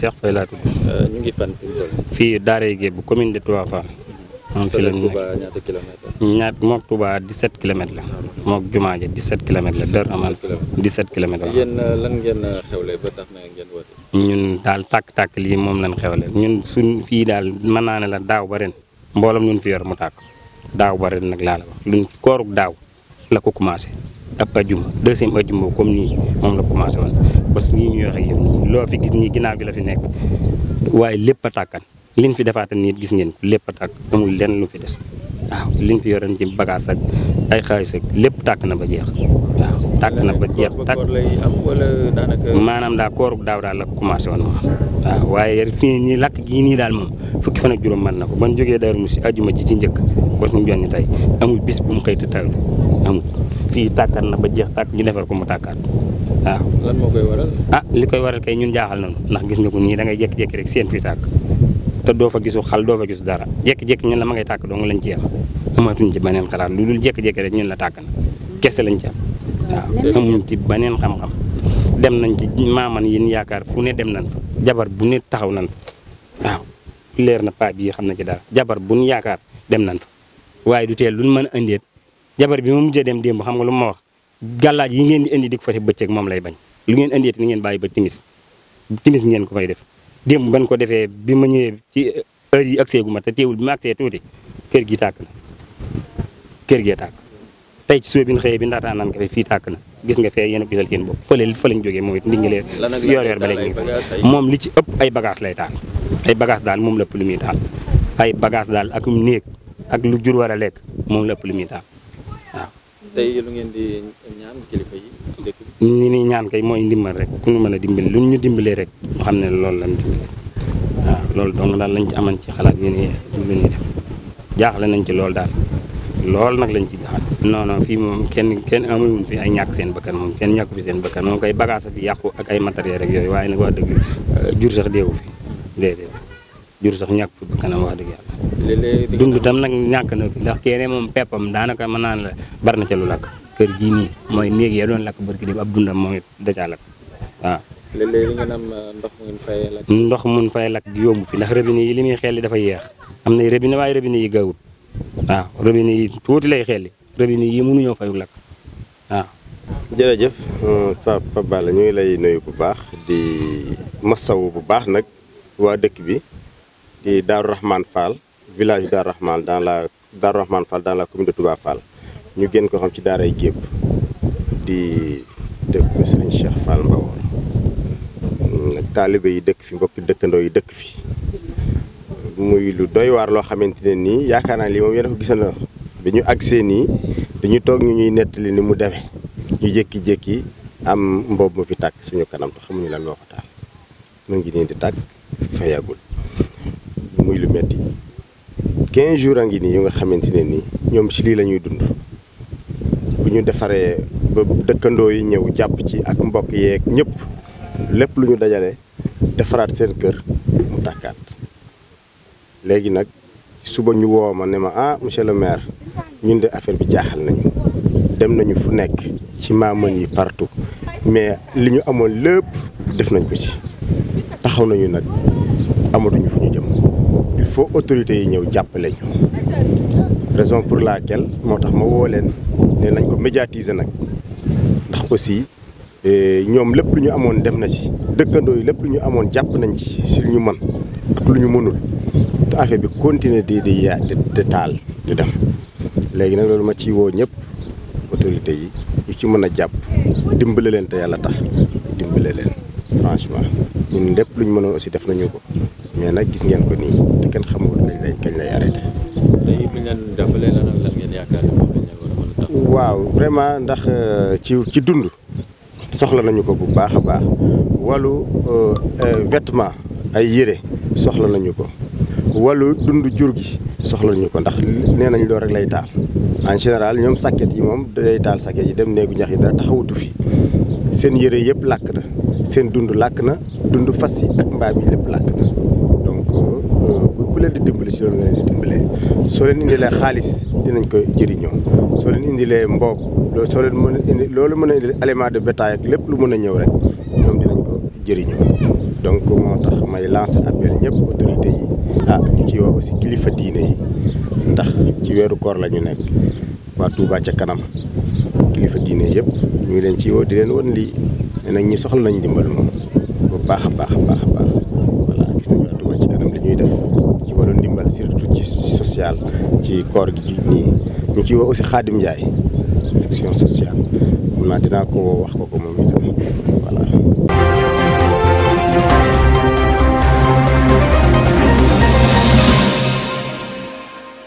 Cheikh Faye laa tudd. Euh, ñu ngi fan fii Daaray Gébu commune de Touba Fall. fii la ñu nekk ñaat mook Touba 17 kilomètres la. mook Jumaa ja 17 kilomètres la Darou Aman 17 kilomètres waaw. yéen euh, lan ngeen euh, xewle ba tax na ngeen ñun daal tàkk-tàkk lii moom lañ xewle ñun suñ fii daal mën naa ne la daaw ba ren mbooloom ñun fi yor mu tàkk daaw ba ren nag laa la luñ kooruk daaw la ko commencé. ab ajjuma deuxième ajjuma comme nii moom la commencé woon parce que ñii ñu wax ak yow loo fi gis nii ginnaaw gi la fi nekk waaye lépp a tàkkan liñ fi defaata nii gis ngeen lépp a tàkk amul lenn lu fi des waaw liñ fi yoroon ci bagage ak ay xaalis ak lépp tàkk na ba jeex waaw tàkk na ba jeex tàkk maanaam daa koorug daaw daal la commencé woon moom waaw waaye fii nii lakk gii nii daal moom fukki fan ak juróom mën na ko ban jógee Daaru Muxti ajjuma ji ci njëkk ba suñu jonni tey amul bis bu mu xëy te amul fii tàkkaat na ba jeex tàkk ñu defar ko mu tàkkaat waaw. lan koy waral. ah li koy waral kay ñun jaaxal nañu ndax gis nga ko nii da ngay jékki-jékki rek seen fii tàkk te doo fa gisu xal doo fa gisu dara jékki-jékki ñun la ma ngay tàkk dong lañ ci am ci beneen xalaat lu dul jékki ñun la tàkk na kese lañ ca am waaw amuñ ci beneen xam-xam dem nañ ci maaman yi ñu yaakaar fu ne dem nañ fa jabar bu ne taxaw nañ fa waaw leer na paa bii xam na ci dara jabar bu ñu yaakaar dem nañ fa waaye du teel luñ mën a jabar bi mu mujjee dem démb xam nga lu ma wax gàllaaj yi ngeen di indi di ko fa def bëccëg moom lay bañ lu ngeen indi it ni ngeen bàyyi ba timis timis ngeen ko fay def démb ban ko defee bi ma ñëwee ci heure yi accès ma te teewul bi ma tuuti kër gi tàkk na kër gee tàkk tey ci suuf xëyee bi ndaataan naan nga fi tàkk na gis nga fee yéen a gisal seen bopp fële fa lañ jóge moom it ndi ngi leen yor yor ba li ci ëpp ay bagage lay taal ay bagage daal moom la ëpp lu muy taal ay bagage daal ak néeg ak lu jur war a lekk moom la lu muy taal waaw. tey lu ngeen di ñaan kay mooy ndimbal rek ku nu mën a dimbali lu ñu dimbalee rek ñu xam ne loolu lañ dimbali waaw loolu dong daal lañ ci aman ci xalaat yu ni nañ ci loolu daal loolu nag lañ ci jaaxal. non non fii moom kenn kenn amuñu fi ay ñàkk seen bakkan moom kenn ñàkku fi seen bakkan moom kay bagage a fi ak ay matériel rek waaye nag wax dëgg jur sax deewu fi déedéet jur sax ñàkku fi bakkanam wax dëgg yàlla. dund tam nag ñàkk na fi ndax keene moom peppam daanaka mën naan la bari na ca lu lakk kër gii nii mooy néeg ya doon lakk barki dem ab dundam moom it dacaa lakk euh, ndox mun fay lakk ndox mun fay lakk yomb li muy xelli dafa yeex am na robinet waaye robinet yi gaawut waaw robinet yi tuuti lay xel xelli robinet yi mënuñoo fayu lakk waaw jërëjëf euh, Pape Pape Balla lay nuyu bu baax di masawu bu baax nag waa dëkk bi di Daaru Rahman Fall village Darou Rahman dans la Darou Rahman Fall dans la commune ñu gën ko xam ci daaray Gépp di dëkk Serigne Cheikh Fall Mbawor taalibe yi dëkk fi mbokki dëkkandoo yi dëkk fi muy lu doy waar loo xamante ne nii yaakaar naa lii moom yéen ko gisandoo bi ñu agsee nii dañu toog ñu ñuy nettali ni mu demee ñu jékki-jékki am mboob mu fi tàkk suñu kanam te xamuñu la moo ko mu ngi nii di tàkk fayagul muy lu metti 15 jours a ngi nii yu nga xamante ne nii ñoom ci lii la ñuy dund bu ñu defaree ba dëkkandoo yi ñëw jàpp ci ak mbokk yeeg ñëpp lépp lu ñu dajale defaraat seen kër mu tàkkaat léegi nag suba ñu woo ma ne ma ah monsieur le maire ñun de affaire bi jaaxal nañu dem nañu fu nekk ci maamën yi partout mais li ñu amoon lépp def nañ ko ci taxaw nañu nag amatuñu fu ñu faut autorités yi ñëw jàppale ñu raison pour laquelle moo tax ma woo leen ne nañ ko médiatiser nag ndax aussi eh, ñoom lépp lu ñu amoon dem na ci dëkkandoo yi lépp lu ñu amoon jàpp nañ ci si lu ñu man ak lu ñu mënul te bi continuer di di yaa di taal di dem léegi nag loolu ma ci woo ñëpp autorités yi ñu ci mën a jàpp dimbale leen te yàlla tax dimbale leen franchement ñu lépp lu ñu mënoon aussi def nañu ko mais nag gis ngeen ko nii te kenn xamul kañ lay kañ lay arrêté. tey vraiment ndax euh, ci ci dund soxla nañu ko bu baax a baax wàllu euh, euh, vêtement ay yére soxla nañu ko wàllu dund jur gi soxla nañu ko ndax nee nañ loolu rek lay taal en général ñoom sàkket yi moom day taal sàkket yi dem néegu ñax yi dara taxawutu fi seen yére yëpp làkk na seen dund làkk na dund fas yi ak mbaam yi lépp làkk na. ku leen si loolu nga leen di xaalis dinañ ko jëriñoo soo indilee mboog loolu soo mën a indi loolu mën a indi aliment de bétail ak lépp lu mën a ñëw rek ñoom dinañ ko jëriñoo donc moo tax may lancer appel ñëpp autorités yi ah ñu ci woo aussi kilifa diine yi ndax ci weeru koor la ñu nekk waa Touba ca kanam kilifa diine yëpp ñu ngi leen ci woo di leen wan lii ne ñi soxla nañ dimbal moom bu baax a baax a baax a baax voilà nañ waa Touba ci kanam li ñuy def wala ndimbal surtout ci social ci koor gi nii ñu ciy aussi Xaadim Ndiaye action sociale mun naa dinaa ko wax ko ko moom itam voilà